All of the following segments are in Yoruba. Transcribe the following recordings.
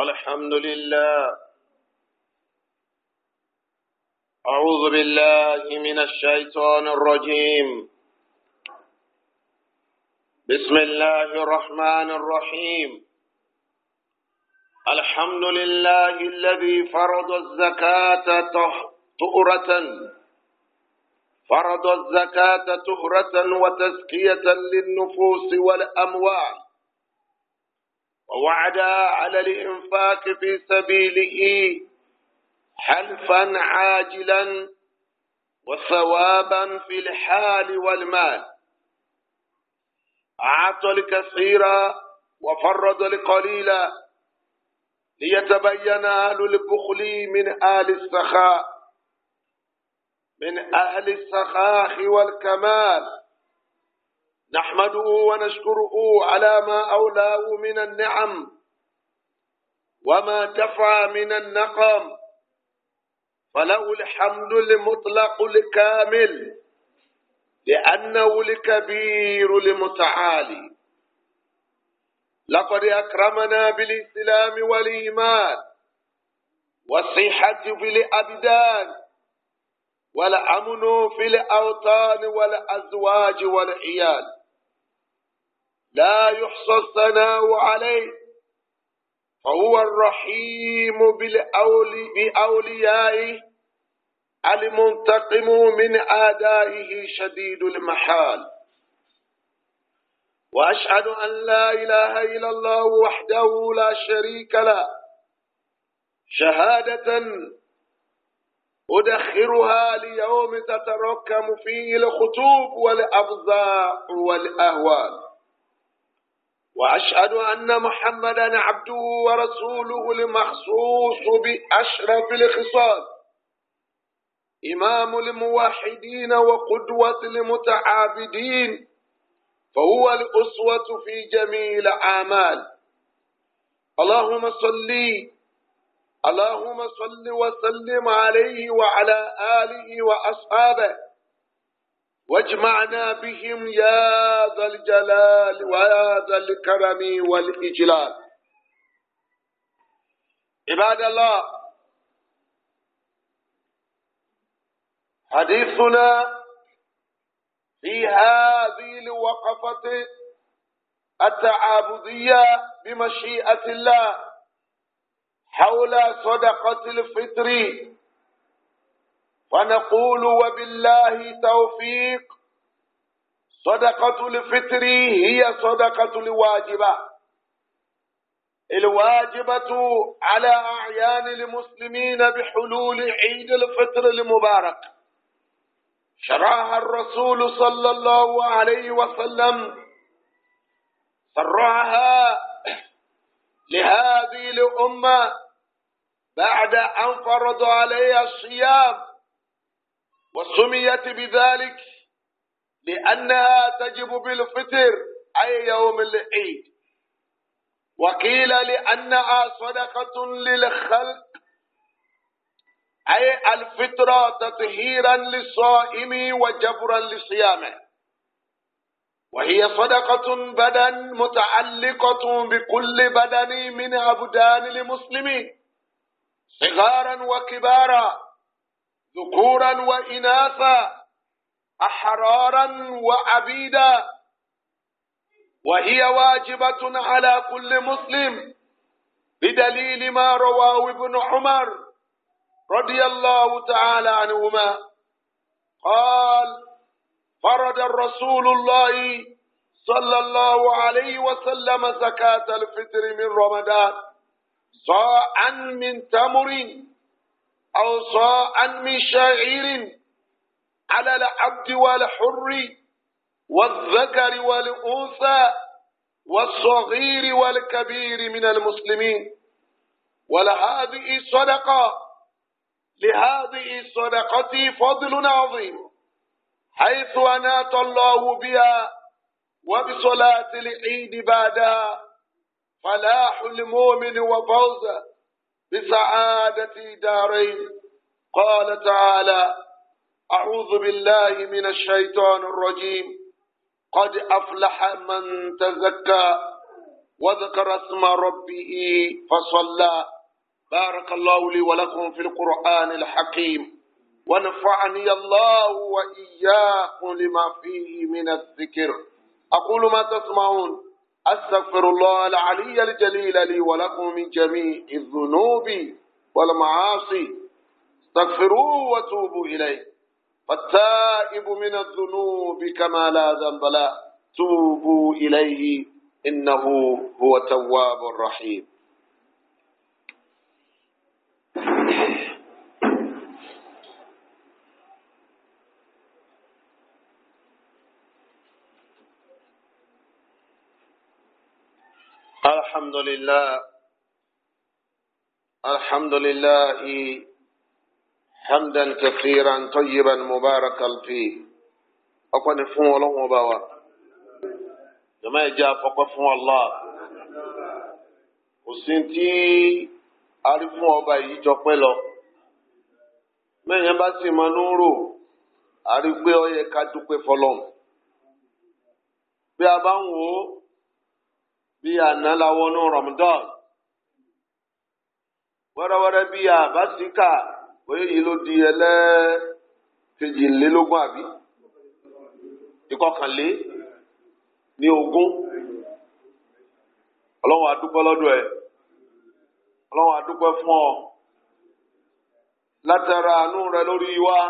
الحمد لله أعوذ بالله من الشيطان الرجيم بسم الله الرحمن الرحيم الحمد لله الذي فرض الزكاة طهرة فرض الزكاة طهرة وتزكية للنفوس والأموال وعدا على الإنفاق في سبيله حلفا عاجلا وثوابا في الحال والمال أعطى الكثير وفرد القليل ليتبين أهل البخل من أهل السخاء من أهل السخاء والكمال نحمده ونشكره على ما أولاه من النعم وما دفع من النقم فله الحمد المطلق الكامل لأنه الكبير المتعالي لقد أكرمنا بالإسلام والإيمان والصحة في الأبدان والأمن في الأوطان والأزواج والعيال لا يحصى الثناء عليه فهو الرحيم بالأولي بأوليائه المنتقم من آدائه شديد المحال وأشهد أن لا إله إلا الله وحده لا شريك له شهادة أدخرها ليوم تتركم فيه الخطوب والأبزاع والأهوال وأشهد أن محمدا عبده ورسوله المخصوص بأشرف الخصال إمام الموحدين وقدوة المتعابدين فهو الأسوة في جميع الأعمال اللهم صل اللهم صل وسلم عليه وعلى آله وأصحابه واجمعنا بهم يا ذا الجلال ويا ذا الكرم والإجلال عباد الله حديثنا في هذه الوقفة التعابدية بمشيئة الله حول صدقة الفطر ونقول وبالله توفيق صدقة الفطر هي صدقة الواجبة الواجبة على أعيان المسلمين بحلول عيد الفطر المبارك شرعها الرسول صلى الله عليه وسلم شرعها لهذه الأمة بعد أن فرض عليها الصيام وسميت بذلك لأنها تجب بالفطر أي يوم العيد وقيل لأنها صدقة للخلق أي الفطرة تطهيرا للصائم وجبرا لصيامه وهي صدقة بدن متعلقة بكل بدن من أبدان المسلمين صغارا وكبارا ذكورا وإناثا أحرارا وعبيدا وهي واجبة على كل مسلم بدليل ما رواه ابن عمر رضي الله تعالى عنهما قال فرد الرسول الله صلى الله عليه وسلم زكاة الفطر من رمضان صاعا من تمر أو صاء من شعير على العبد والحر والذكر والأنثى والصغير والكبير من المسلمين ولهذه صدقة لهذه الصدقة فضل عظيم حيث أنات الله بها وبصلاة العيد بعدها فلاح المؤمن وفوزه بسعادة دارين قال تعالى أعوذ بالله من الشيطان الرجيم قد أفلح من تزكى وذكر اسم ربه فصلى بارك الله لي ولكم في القرآن الحكيم ونفعني الله وإياكم لما فيه من الذكر أقول ما تسمعون أستغفر الله العلي الجليل لي ولكم من جميع الذنوب والمعاصي استغفروه وتوبوا إليه فالتائب من الذنوب كما لا ذنب له توبوا إليه إنه هو التواب الرحيم الحمد لله الحمد لله حمدا كثيرا طيبا مباركا فيه ọpẹ́ fún Ọlọ́run ọba wa jọmọ ẹja fọpẹ́ fún Allah kò sí tí a rí fún ọba yìí jọpẹ́ lọ mẹyìn bá sì máa ń rò a rí pé ó yẹ ká dúpẹ́ fọ́lọ́run bí a bá ń wò ó. bí àná la wọnú Ramadan wẹ́rẹ́wẹ́rẹ́ bí àbásíkà bóyá yìí ló di ẹlẹ́ kejìlélógún àbí ìkọkànlé ní ogún ọlọ́run adúpẹ́ lọ́dọ̀ ẹ̀ ọlọ́run adúpẹ́ fún ọ látara àánú rẹ lórí wa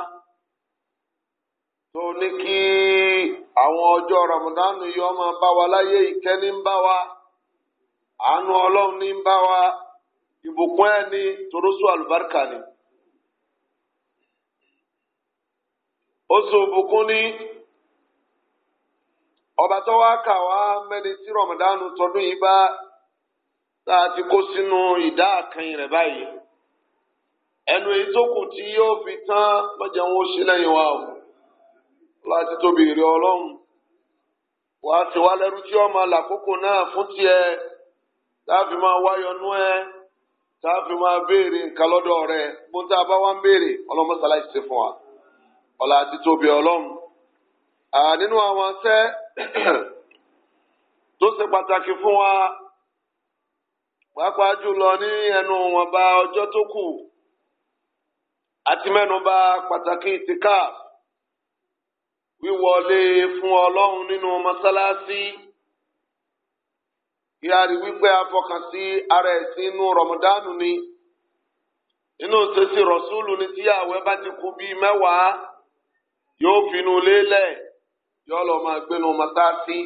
tó ní kí àwọn ọjọ́ Ramadan yìí ọmọ bá wa láyé ìkẹ́ni àánú ọlọ́run ní ń bá wa ìbùkún ẹ̀ ní torósù àlùbáríkà ni. oṣù ìbùkún ní ọba tó wá kà wá mẹ́ni tí rọ̀mọ̀dánù tọdún yìí bá tá a ti kó sínú ìdá àkànyìn rẹ̀ báyìí ẹnu èyí tó kù tí yóò fi tán mọ́jà wọn ó ṣe lẹ́yìn wa o láti tóbi ìrẹ́ ọlọ́run wàá ti wá lẹ́rú tí ọmọ làkókò náà safi máa wáyọnú ẹ táàfin máa béèrè nǹkan lọ́dọ̀ rẹ bó tá a bá wá ń béèrè ọlọ́mọsálá ti fún wa ọ̀la àti tóbi ọlọ́run nínú àwọn tó ṣe pàtàkì wa pàápàá jùlọ ní ẹnu wọn bá ọjọ́ tó kù àti mẹ́nuba pàtàkì ìtìkáàfù wíwọlé fún ọlọrun nínú mọ́sálásí. kí a rí wípé afọkànsí ara ẹ̀sìn inú rọmọdánù ni inú sẹ́sì rọ̀ṣúlù ni tí àwẹ̀ bá ti kú bíi mẹ́wàá yóò finú lélẹ̀ yóò lọ máa gbénu mọ́tàsí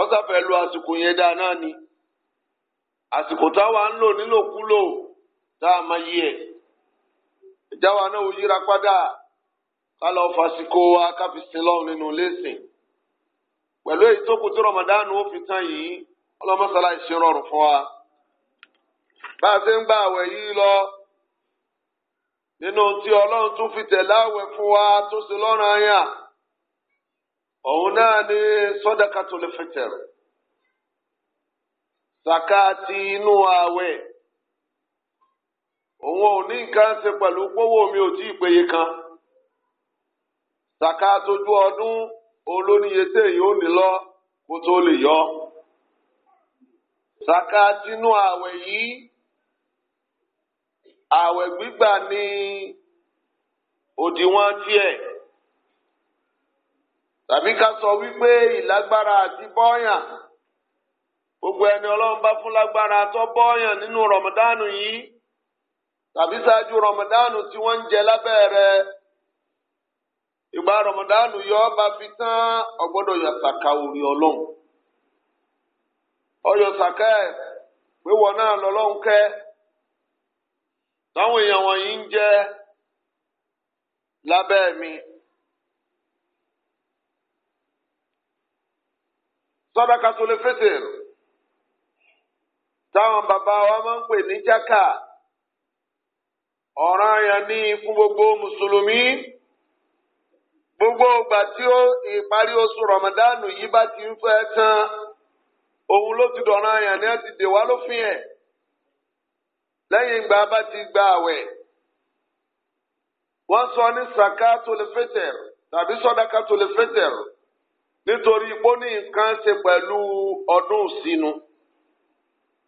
ọ́sàfẹ́ lu àsìkò yẹn dáa náà ni àsìkò táwa ń lò nílòkulò tá a máa yí ẹ̀ ìjáwa náà ò yíra padà ká lọ fàsìkò wa ká fi sin lọ́run nínú ilé ìsìn pẹ̀lú èyí tó kù tó rọmọdánù ó tán yìí. ọlọ́mọsálá ìṣerọ̀rùn fún wa bá a ṣe ń gba àwẹ̀ yìí lọ nínú tí ọlọ́run tún fi fún wa tó ṣe lọ́rùn ayà òun náà tó ti inú òun ò ní nǹkan ṣe pẹ̀lú mi kan sàkà ọdún kó tó lè saka tinú àwẹ̀ yìí àwẹ̀ gbígbà ní òdiwọ̀n tiẹ̀ tàbí ká sọ wípé ìlágbára àti bọ́ọ̀yàn gbogbo ẹni ọlọ́run bá fún lágbára tó bọ́ọ̀yàn nínú rọ̀mọ̀dánù yìí tàbí ṣáájú rọ̀mọ̀dánù tí wọ́n ń jẹ lábẹ́ ìgbà rọ̀mọ̀dánù yọ ọba fi tán ọgbọ́dọ̀ yàtàkà òrì ọlọ́run ọyọ sàkẹ́ pé wọn náà lọ́lọ́hún kẹ́ táwọn èèyàn wọ̀nyí ń jẹ́ lábẹ́ mi. sọ́dọ̀ka tó lè fèsì táwọn bàbá wa máa ń pè ní jákà ọ̀ràn àyàn ní fún gbogbo mùsùlùmí gbogbo ìgbà tí ìparí oṣù rọ̀mọ̀dánù yìí bá ti ń fẹ́ tán òun ló ti dọ̀ràn àyàn ni a ti dè wá lófin ẹ̀ lẹ́yìn ìgbà bá ti gba àwẹ̀ wọ́n sọ ní saka tó lè fẹ́tẹ̀r tàbí sọ́dáka tó lè fẹ́tẹ̀r nítorí ipò ní nǹkan ṣe pẹ̀lú ọdún ìsinu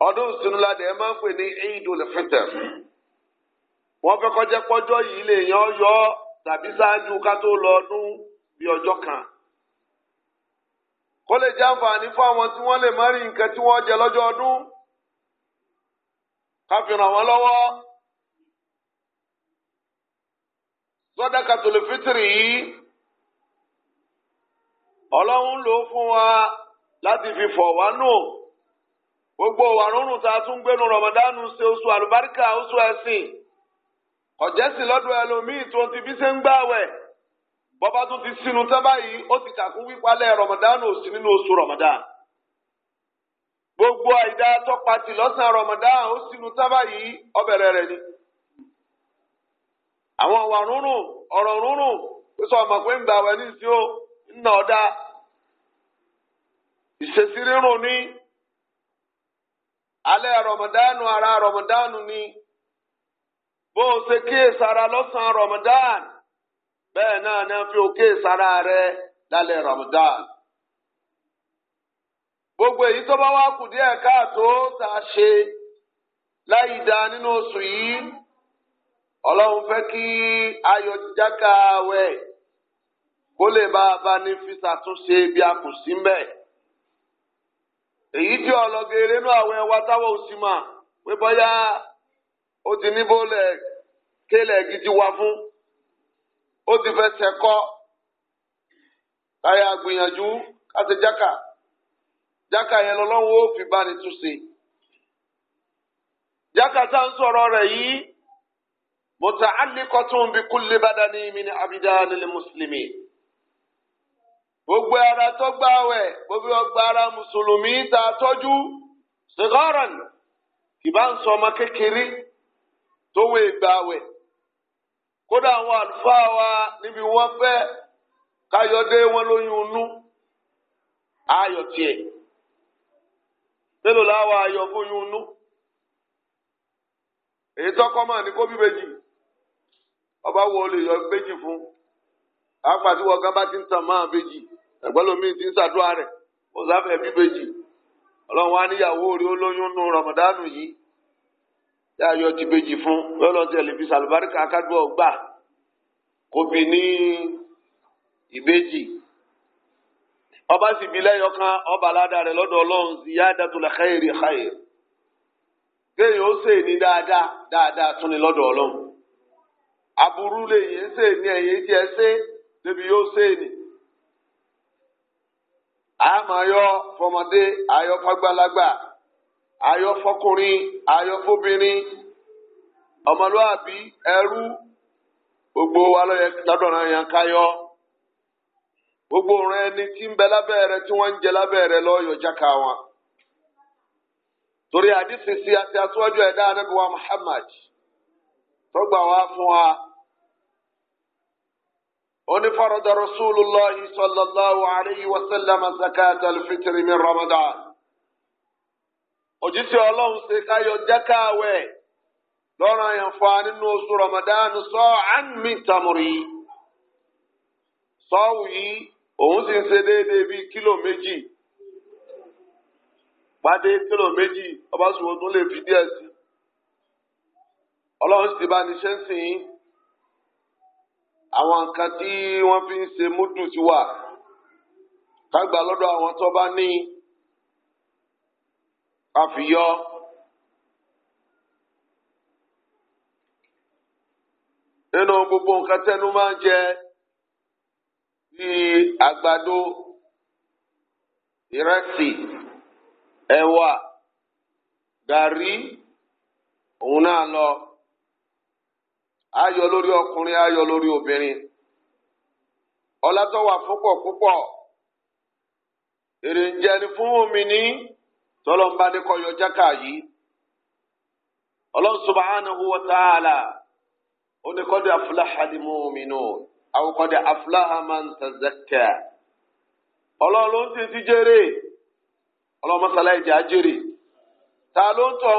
ọdún ìsinu la dẹ̀ máa ń pè ní eidu lè fẹ́tẹ̀r wọ́n fẹ́ kọjá pọ́jọ́ yìí lè yan yọ tàbí ṣáájú ká tó lọ ọdún bí ọjọ́ kan. kó lè jẹ́ àǹfààní fún àwọn tí wọ́n lè má rí nǹkan tí wọ́n jẹ lọ́jọ́ ọdún ká fi ràn wọ́n lọ́wọ́. sọ́dá lè fitiri yìí ọlọ́run ló fún wa láti fi fọ̀ wá nù gbogbo wàrúnrún tá a tún gbénu rọmọdánù ṣe oṣù àlùbáríkà oṣù ẹ̀sìn ọ̀jẹ̀sìn lọ́dọ̀ ẹlòmíì tó ti bí ṣe ń gbààwẹ̀. bọ́bá tún ti sínú tán báyìí ó ti kàkún wípalẹ̀ rọmọdánù òsì nínú oṣù Ramadan. gbogbo àìdá tọpa ti lọ́sàn rọmọdánù ó sínú tán báyìí ọbẹ̀rẹ̀ rẹ̀ ni. àwọn ọ̀wà rúnrún ọ̀rọ̀ rúnrún ó sọ ọmọ pé ń gbà wẹ́ nísìsiyìí ó ń nà ọ́ dá ìṣesí rírun ní alẹ́ ara Ramadan ni bó o ṣe kíyèsára lọ́sàn Ramadan. bẹ́ẹ̀ náà ni fi òkè sára rẹ lálẹ́ Ramadan gbogbo èyí tó bá wá kù díẹ̀ káàtó tá a ṣe láì dá nínú oṣù yìí ọlọ́run fẹ́ kí ayọ̀ jáka wẹ̀ kó lè bá a bá ní fi ṣàtúnṣe bí a kù sí mbẹ̀ èyí tí ọlọ́gẹ̀rẹ́ inú àwọn ẹwà táwọn òsì mà pé bóyá ó ti níbo lẹ̀ kélẹ̀ gidi wá fún. ó ti fẹsẹ̀ kọ́ káyà gbìyànjú káṣe jákà jákà yẹn lọ́lọ́run ó fi bá ní túnṣe jákà tá à bi badani min abidanil muslimin gbogbo ara tó gbogbo ọgbà ara mùsùlùmí tá a tọ́jú sigaran kì bá ń kódà àwọn àlùfáà wa níbi wọ́n fẹ́ káyọ̀dé wọn lóyún inú ayọ̀ tiẹ̀ mélòó láwa ayọ̀ fún yún inú èyí tọ́kọ́ mọ̀ ní kó bí méjì ọba wo lè yọ méjì fún apàtí wọ́n gán bá ti ń tàn máa méjì ẹ̀gbọ́n lomi ti ń ṣàdúrà rẹ̀ kò sáfẹ́ bí méjì ọlọ́run wa níyàwó rí olóyún nù rọ̀mọ̀dánù yìí tí a yọ ti bèjì fún lọ́lọ́tì ẹ̀ lè fi sàlùbáríkà kájú ọgbà kò bí ní ìbejì ọba sì bí lẹ́yọ̀ kan ọba aládà rẹ̀ lọ́dọ̀ ọlọ́run ziyadatul khairi khair kéèyàn ó sè ní dáadáa dáadáa tún ní lọ́dọ̀ ọlọ́run aburú lè yé sè ní ẹ̀yẹ tí ẹ sè débi yóò sè ní. àmọ́ ayọ́ fọmọdé ayọ́ fágbálagbà. ayọ fọkùnrin ayọ fóbìnrin ọmọlúàbí ẹrú gbogbo wa lọ yẹ lọdọọrọ yẹn káyọ gbogbo òun ẹni tí ń bẹ tí wọ́n ń jẹ lábẹ́ rẹ̀ lọ jáka wọn torí àdìsí sí àti aṣáájú ẹ̀dá anábìwá Muhammad tọgbà wá fún wa onífàrọdà Rasulullahi sallallahu alayhi Ramadan. òjíṣẹ́ ọlọ́run ṣe káyọ̀ lọ́rọ̀ àyàn nínú oṣù Ramadan sọ àmì tamuri sọ yìí òun sì ń ṣe déédéé bíi kílò méjì pàdé kílò méjì ọba sùnwó tún lè fi díẹ̀ sí ọlọ́run sì bá ti bá ní àfiyọ́ nínú gbogbo nǹkan tẹnu máa ń jẹ bíi àgbàdo ìrẹsì ẹwà gàrí òun náà lọ ayọ̀ lórí ọkùnrin ayọ lórí obìnrin ọlátọwà fúnpọ̀ púpọ èrè ń jẹni fún omi ní. tọ́lọ́mbà ní kọ́ yọ jákà yìí Ọlọ́hun ta'ala ó ní kọ́dé afúláhà ni mu'minun àwọn kọ́dé afúláhà man tazakka Ọlọ́hun ló ń ti ti jèrè Ọlọ́hun mọ́sálá ìjà jèrè ló ń tọ̀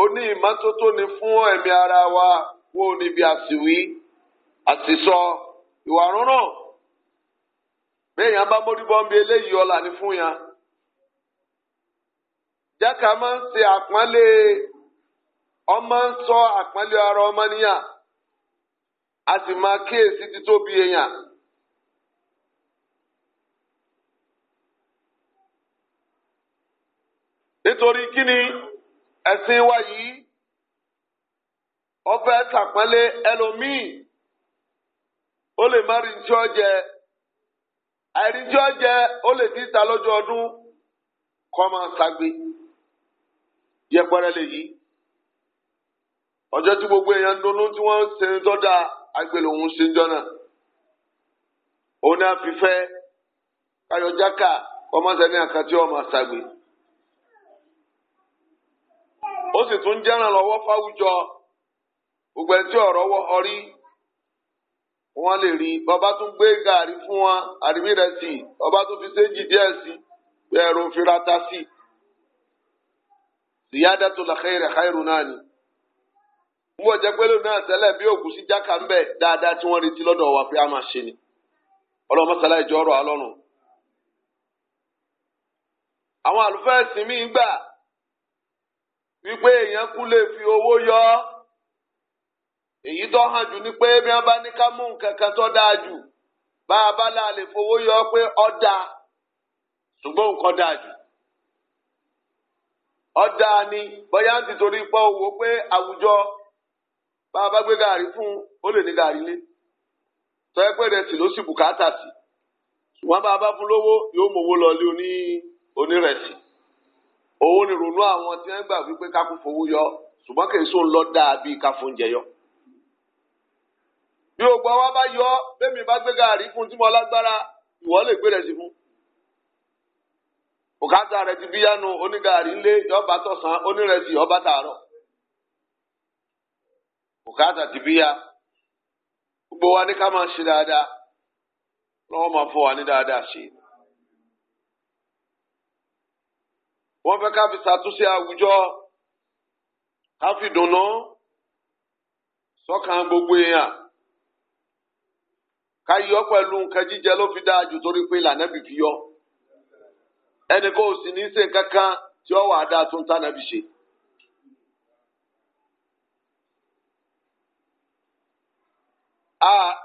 ó ní ìmọ́tótó ni fún ẹ̀mí ara wa wo níbi àsìwí àsìsọ ìwà rúnrún naa bá mójúbọ́ ń bi eléyìí ọ̀la ni fún yàn. jákà máa ń ṣe àpọ́nlé ọmọ ń sọ àpọ́nlé ara ọmọ níyà a sì máa kíyèsí títóbi èèyàn. nítorí kí ni. ẹ̀sìn wa yìí ọfẹ́ sàpẹ́lẹ́ ẹlòmíì ó lè má rí njọ́ jẹ àìríjọ́ jẹ ó lè títa lọ́jọ́ ọdún kọ́ máa ṣagbe yẹpẹrẹ lè tí gbogbo èèyàn dunnú tí wọ́n ń ṣe dọ́dà ṣe ń jọ́nà òun náà fífẹ́ káyọ̀ jákà kọ́mọ́sẹ́ ó sì tún jẹ́ràn lọ́wọ́ fáwùjọ gbogbo ẹtí ọ̀rọ̀ ọrí wọn lè rí bàbá tún gbé gàrí fún wọn àríwí rẹ sí bàbá tún fi séjì díẹ̀ sí ẹ̀rọ òfìrata sí ìyáda tó la xeyìrẹ xeyìrù náà ni n bò jẹ́ pẹ̀lú náà tẹ́lẹ̀ bí òkú sí jáka ń bẹ dáadáa tí wọ́n retí lọ́dọ̀ wa pé a máa ṣe ni ọlọmọsálá ìjọ ọ̀rọ̀ alọrun àwọn àlùfáà ẹ̀sìn gbà wípé èèyàn kú lè fi owó yọ ọ èyí tó hàn jù ni pé bí wọ́n bá ní ká mú nǹkan kan tó dáa jù bá a bá la lè fowó yọ pé ọ̀dà ṣùgbọ́n nǹkan dáa jù ọ̀dà ni bóyá ń tìtorí pọ́ owó pé àwùjọ bá a bá gbé gàrí fún ó lè ní gàrí lé tọ́ ẹ pé rẹsì ló sì bùkátà sí ṣùgbọ́n bá a bá fún lówó yóò mọ owó lọ lé onírẹsì òun ni ronú àwọn tí wọ́n gbà wípé kákú fowó yọ ṣùgbọ́n kì í sóun lọ dáa bíi káfóúnjẹ jẹyọ bí o gbọ́ bá yọ bẹ́mi bá gbé gàrí fún tí mo lágbára ìwọ lè gbé rẹ̀ sí fún. òkàtà rẹ̀ ti bíyánu onígàrí ńlé yọba tọ̀sán onírẹsì wọ́n fẹ́ ká fi ṣàtúnṣe àwùjọ ká fi dùnnú sọ́kàn gbogbo èèyàn ká yọ pẹ̀lú nǹkan jíjẹ ló fi dáa jù torí pé ìlànà bì fi yọ ẹnì kò sì ní í ṣe kankan tí ó wà á dáa tó ń tànà bì ṣe.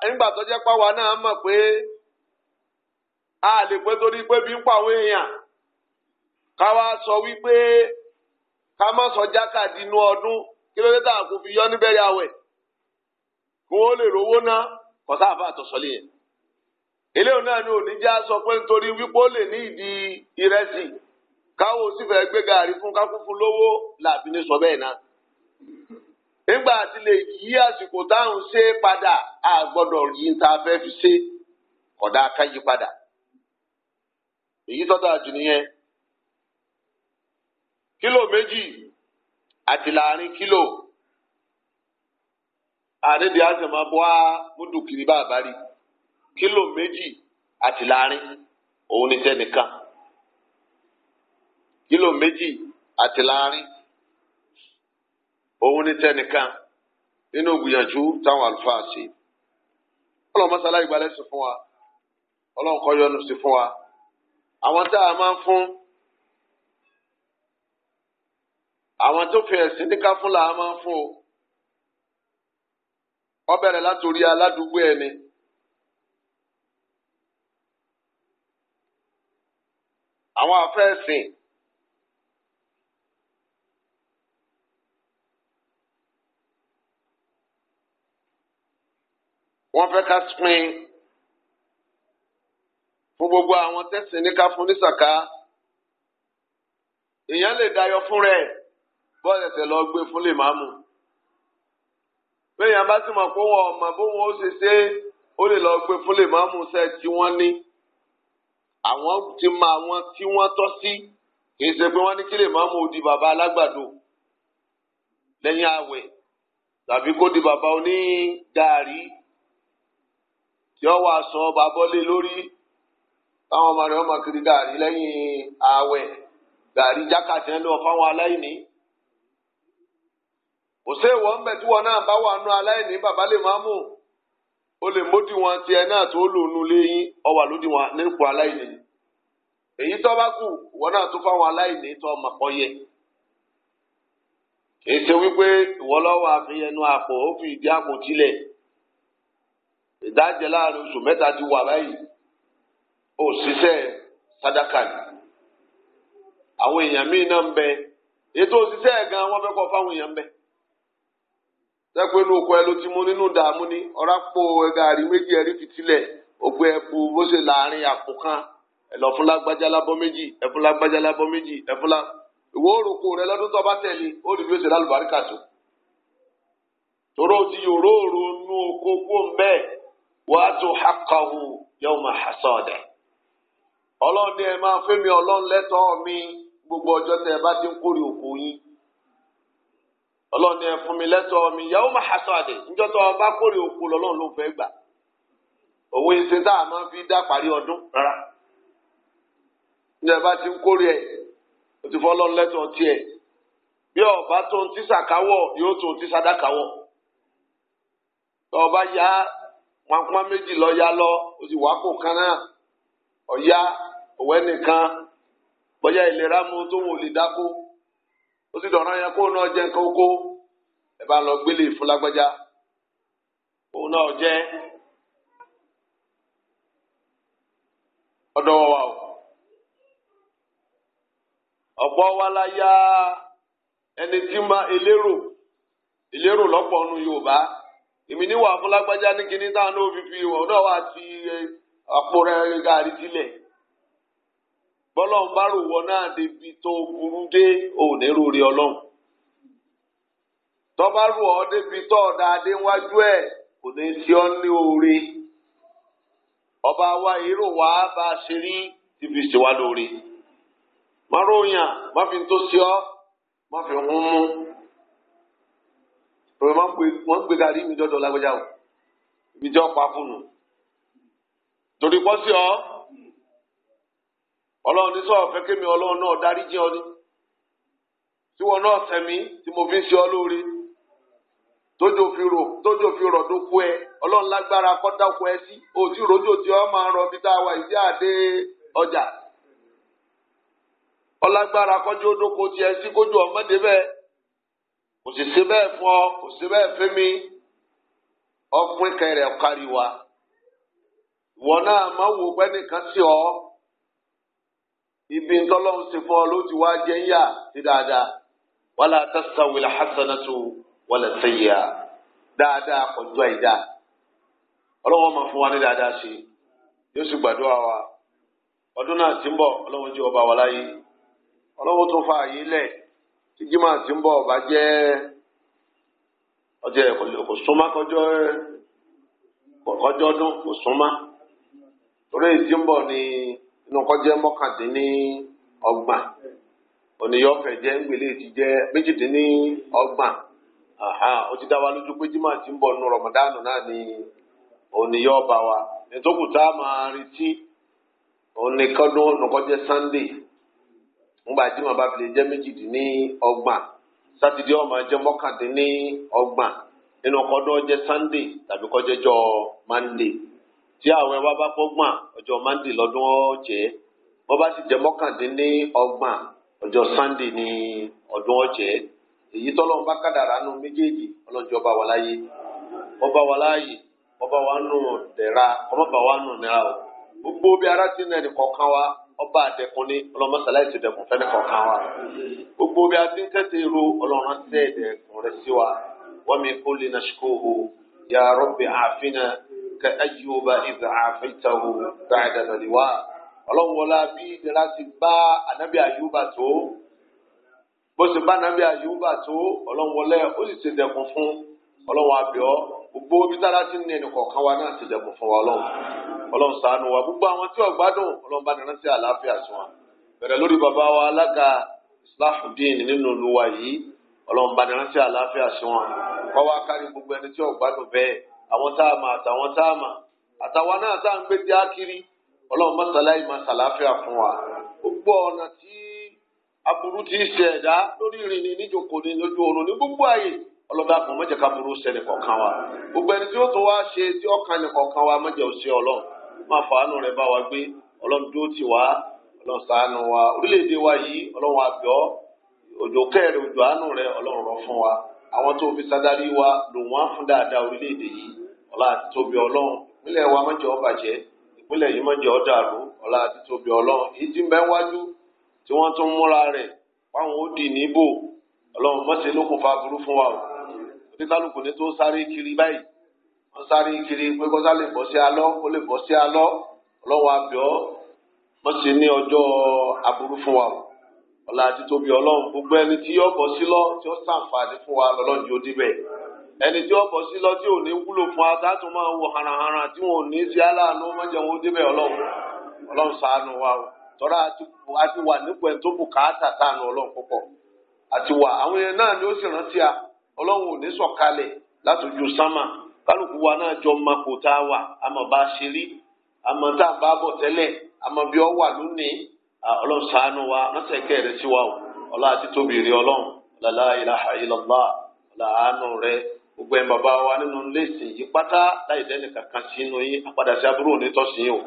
nígbà tó jẹ́ pàwa náà mọ̀ pé a lè pé torí pé bí ń pa àwọn èèyàn. ká wá sọ wípé ká má sọ jákàdí inú ọdún kí ló dé tá à kò fi yọ níbẹ̀rẹ̀ àwẹ̀ kó o lè rówó ná kọ́sá àfa àtọ̀sọ́lé yẹn. eléyìí náà ni oníjà sọ pé nítorí wípé ó lè ní ìdí ìrẹsì káwọ́ sì fẹ́ gbé gàrí fún kákúkú lówó làbí ní sọ bẹ́ẹ̀ náà. nígbà tí lè yí àsìkò táwọn ṣe padà a gbọ́dọ̀ yí ta fẹ́ fi ṣe kódà ká yí padà. èyí tọ́ta jù nìyẹn. Kilo méjì àti láàrin kílò àdédé àti máa bọ́ á múdù kiri bá a bá rí kílò méjì àti láàrin òun ní sẹ́nìkan kílò méjì àti láàrin òun ní sẹ́nìkan nínú gbìyànjú táwọn àlùfáà ṣe ọlọ́run mọ́sálá ìgbàlẹ́sìn fún wa ọlọ́run kọ́ yọ́nú sí fún wa àwọn tá a máa ń fún. àwọn tó fi ẹ̀sìn níka fún la máa ń fún o ó bẹ̀rẹ̀ látòrí aládùúgbò ẹni. àwọn àfẹ́sìn wọ́n fẹ́ ká pín fún gbogbo àwọn tẹ̀sìn níka fún nísàká èèyàn lè dayọ fún rẹ̀ bọ́ọ̀lẹ̀sẹ̀ lọ gbé fún lè máa mú bẹ́ẹ̀ yẹn bá sì mọ̀ pé wọn ọmọ bó wọn ó ṣe ṣe ó lè lọ gbé fún lè máa mú sẹ́ tí wọ́n ní àwọn ti mọ àwọn tí wọ́n tọ́ sí kì í ṣe pé wọ́n ní kí lè máa mú di bàbá alágbàdo lẹ́yìn àwẹ̀ tàbí kó di bàbá oní gàárì tí ó wà sọ babọ́lé lórí táwọn ọmọ rẹ̀ ọmọ kiri gàárì lẹ́yìn àwẹ̀ gàárì jákàtẹ́ lọ fáwọn aláìní kò sí èèwọ̀ ń bẹ̀ tí wọn náà bá wà nú aláìní bàbá lè máa mú o lè módì wọn tiẹ̀ náà tó lò nú léyìn ọwà lódì wọn nípò aláìní èyí tó bá kù wọn náà tó fáwọn aláìní tó ọmọ pọ yẹ ètò wípé ìwọ lọ́wọ́ àfihàn àpò ó fi ìdí àpò tilẹ̀ ìdájẹ láàrin oṣù mẹ́ta ti wà báyìí ó ṣiṣẹ́ sadaka ni àwọn èèyàn míì náà ń bẹ ètò òṣìṣẹ́ gan wọn fẹ́ kọ fáwọn èèyàn ń bẹ sẹ́pẹ́ inú oko ẹ ló ti mú nínú ìdààmú ni ọ̀rá po gààrí méjì ẹ̀rí fìtílẹ̀ ògbé ẹ̀bù bó ṣe láàrin àpò kan ẹ̀lọ́ fún lágbájá lábọ́ méjì ẹ̀fún lágbájá lábọ́ méjì ẹ̀fún lá. ìwọ òrùkù rẹ lọ́dún tó bá tẹ̀lé ó rí bí ó ṣe lálùbáríkà tó. tòró ti yòró òru inú oko kó ń bẹ́ẹ̀ wà á hakahu yawma máa fẹ́ mi ọlọ́run ni ẹ fún mi lẹ́tọ̀ọ́ mi yàwó máa ṣàṣọ àdè níjọ́ tó ọba kórè oko lọ́lọ́run ló fẹ́ gbà òwe ṣe tá a máa fi dá parí ọdún rárá níjọba ti ń kórè ẹ o ti fọ́ ọlọ́run lẹ́tọ̀ọ́ tiẹ̀ bí ọba tó ń tíṣà káwọ̀ yóò tó ń tíṣà ọba ya méjì lọ ya lọ o wá kó kan náà ọ̀ya ìlera mu tó wò lè ó sì dọ̀rọ̀ yẹn kó náà jẹ́ nǹkan oko ẹ bá lọ gbélé e fún lágbájá òun náà jẹ́ ọ̀dọ̀ wa o ọ̀pọ̀ wa la ya ẹni tí ma elérò elérò lọ́pọ̀ ọ̀nù Yorùbá èmi níwà fún lágbájá ní bọ́lọ́run bá rò wọ náà débi tó burú dé òní rúre ọlọ́run tọ́ba rò ọ́ débi tó ọ̀dà adé wájú ẹ̀ kò ní sí ọ́ ní oore ọba wa èrò wa bá a ṣe rí ti fi ṣe wá lóore má ròyìn má fi tó ṣe ọ́ má fi hún mú wọ́n gbé gàrí mi dọ́dọ̀ lágbájá o ìbí jẹ́ ọ̀pá fún torí pọ́ ọ́. ọlọ́run ní sọ̀rọ̀ fẹ́ kémi ọlọ́run náà darí jẹ́ ọ ní tí wọn náà sẹ̀mí tí mo fi ń ṣe ọ lóore tójó fi rò tó kú ẹ ọlọ́run lágbára kọ́ dákú ẹ sí òtí tí ọ máa rọ bí ìdí àdé ọjà ọlágbára mi ọpin kẹrẹ ibi ntọlọm si fọ ló ti wá jẹ́ yà sí dáadáa wàlá tasawi hasanatu wàlá sayyi'a dáadáa ọjọ́ àìdá ọlọ́wọ́ máa fún wa ní dáadáa ṣe yóò sì gbàdúrà wa ọdún náà ti ń bọ̀ ọlọ́wọ́ jẹ́ ọba wa láyé ọlọ́wọ́ tó fa àyè lẹ̀ tí jimá ń bọ̀ ọba jẹ́ ọjọ́ kò súnmá kọjọ́ kọjọ ọdún kò súnmá torí ti ń bọ̀ ni. inú kọjá mọ́kàndínní ọgbọ̀n oníyọ́fẹ̀ jẹ́ ngbèlè ti jẹ́ méjìdínní ọgbọ̀n ti dá wa lójú pé jimá ti ń bọ̀ nínú rọ̀mọ̀dánù náà ni oníyọ́ọ̀bà wa ìtòkùtà máa retí oníkọ́dún nùkọ́jẹ́ Sunday ńgbà jimá bá fi lè jẹ́ méjìdínní sátidé ọmọ jẹ́ mọ́kàndínní ọjẹ́ tàbí kọ́jẹ́jọ́ tí àwẹ̀ wa bá fọ́gbọ̀n ọjọ mandi lọ́dún ọ̀jẹ́ wọ́n bá sì jẹ́ mọ́kàndínní ọgbọ̀n ọjọ́ sannde ní ọdún ọ̀jẹ́ èyí tọ́lọ́ bá méjèèjì bá wà nù bá wà nù nira o gbogbo bí ara ti nà ẹnì wa ọba àdẹkùn ni gbogbo bí ara ti ń sí wa na كأيوب إذ عافيته بعد ذلواء ọlọ́run ولا bí ìdíra ti bá ànábì àyùbá tó bó ti bá ànábì àyùbá tó ọlọ́run wọlé ó sì ti dẹkùn fún ọlọ́run àbíọ́ gbogbo ibi tára ti ní ẹnì kọ̀ọ̀kan wa náà ti dẹkùn fún wa ọlọ́run ọlọ́run ṣàánú wa gbogbo àwọn tí ọ̀gbádùn ọlọ́run bá nìran sí àlàáfíà sí wọn bẹ̀rẹ̀ lórí bàbá wa alága islahudeen nínú olúwa yìí ọlọ́run bá nìran sí àlàáfíà sí wọn kọ́ wa kárí gbogbo ẹni tí ọ̀gbádùn bẹ́ẹ̀ àwọn táàmà àtàwọn táàmà àtàwọn náà tá à ń gbé dí ákiri ọlọ́run mọ́sálá ìmọ̀ sàláfíà fún wa gbogbo ọ̀nà tí aburú ti ṣe ẹ̀dá lórí ìrìnnì níjòkó ní lójú oorun ní gbogbo ààyè ọlọ́dà kan mọ́jẹ̀ ká burú ṣẹlẹ̀ kọ̀ọ̀kan wa gbogbo ẹni tí ó tún wá ṣe tí ọkàn ní kọ̀ọ̀kan wa mọ́jẹ̀ ò ṣe ọlọ́run máa fàánù rẹ̀ bá wa gbé ọlọ́run dúró tì wá ọlọ́run ṣàánú wa orílẹ̀-èdè wa yìí ọlọ́run àbíọ́ òjò kẹ́rẹ̀ òjò àánú rẹ̀ ọlọ́run rọ̀ fún wa àwọn tó fi sadarí wa lò wọ́n fún dáadáa orílẹ̀-èdè yìí ọlá àti tóbi ọlọ́run ìpínlẹ̀ wa mọ̀jẹ̀ ó bàjẹ́ ìpínlẹ̀ yìí mọ̀jẹ̀ ó dàrú ọlá àti tóbi ọlọ́run èyí tí ń bẹ wájú tí wọ́n tún múra rẹ̀ fáwọn ó dì níbò ọlọ́run mọ̀sẹ̀ ló kún fa burú fún wa o oníkálukú ní tó sáré kiri báyìí wọ́n sáré kiri pé kọ́sá lè bọ́ sí alọ́ ó lè bọ́ sí alọ́ ọlọ́run àbíọ́ mọ̀sẹ̀ ní ọjọ́ aburú fún wa o ọlá àti tóbi ọlọ́run gbogbo ẹni tí yọ bọ́ sí lọ tí ó sàǹfààní fún wa lọ́lọ́run yóò débẹ̀ ẹni tí ó bọ́ sí lọ tí ò ní wúlò fún wa máa wò haranhara tí wọn ò ní sí aláàánú mọ́jọ wọn ó débẹ̀ ọlọ́run ọlọ́run wa o tọ́ra àti ni ó sì rántí a ọlọ́run ò ní sọ̀kalẹ̀ látòjú wa náà jọ ma wà àmọ̀ bá a ṣe rí àmọ̀ ọ wà lónìí Ah, ọlọ́run ṣàánú wa lọ́sẹ̀ kẹ́rẹ́ sí wa o ọlọ́run àti tóbi rí ọlọ́run la ilaha illallah làánú rẹ gbogbo ẹn bàbá wa nínú léèsì yìí pátá láì lẹ́nu kankan sínú yín apádà sí abúrò onítọ̀sí o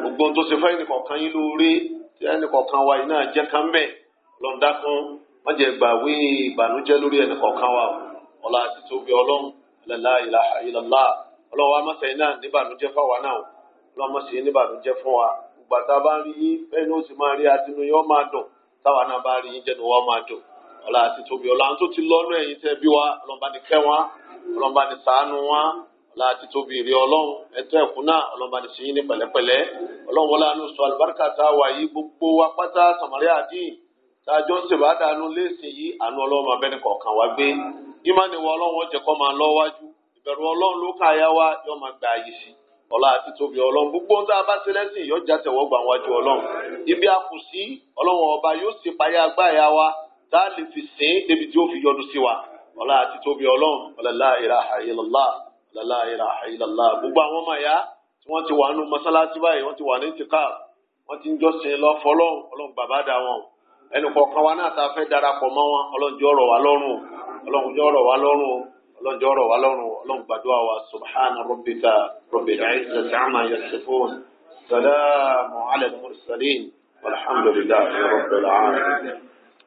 gbogbo tó ṣe fẹ́ẹ́ nìkọ̀ọ̀kan yín lóore tí ẹnì kọ̀ọ̀kan wa yìí náà jẹ́ kán mẹ́ lọ́ndàkùn wọ́n jẹ́ gbàwé ìbànújẹ́ lórí ẹnì kọ̀ọ̀kan wa ọ̀la àti tóbi ọlọ́run la ilaha illallah ọlọ́wọ́ amọ̀sẹ̀ náà níbànújẹ́ fáwa náà ọlọ́mọ̀sẹ̀ níbànújẹ́ fún wa ìgbà tá a bá ń rí yín bẹ́ẹ̀ ni ó sì máa rí àtinú yín ó máa dùn táwa náà bá rí yín jẹ́nu wa máa dùn ọ̀la àti tóbi ọ̀la tó ti lọ́nú ẹ̀yìn tẹ́ bí wa ọlọ́mọba ni kẹ́ wa ọlọ́mọba ni ṣàánú wa ọ̀la àti tóbi ìrì ọlọ́run ẹ̀tọ́ ẹ̀kún náà ọlọ́mọba ni ṣèyí ní pẹ̀lẹ́pẹ̀lẹ́ ọlọ́run wọlé àánú sọ àlùbáríkà tá a wà yìí gbogbo wa pátá sàmárì àdín tá a jọ ń ṣèbá dànù léèsì yìí àánú ọlọ́run abẹ́ni kọ̀ọ̀kan wa gbé ìmánìwọ̀ ọlá àti tóbi ọlọ́run gbogbo ohun tá a bá ṣe lẹ́sìn yóò já tẹ̀wọ́ gbà wájú ọlọ́run ibi a kù sí ọlọ́run ọba yóò sì payá agbáyà wa tá a lè fi sìn débi tí ó fi yọdún sí wa ọlá àti tóbi ọlọ́run ọlọ́lá ilaha illallah ọlọ́lá ilaha illallah gbogbo àwọn ọmọ ìyá tí wọ́n ti wà nínú mọ́sálásí báyìí wọ́n ti wà ní tìkà wọ́n ti ń jọ́sìn lọ fọlọ́run ọlọ́run bàbá dà wọn ẹnì kọ̀ọ̀kan wa náà ta fẹ́ darapọ̀ mọ́ wọn ọlọ́run jọ̀ọ́ rọ̀ wá lọ́rùn ọlọ́run jọ̀ọ́ rọ̀ wá lọ́rùn اللهم جورا ولون ولون بدوا وسبحان ربك رب العزة عما يصفون سلام على المرسلين والحمد لله رب العالمين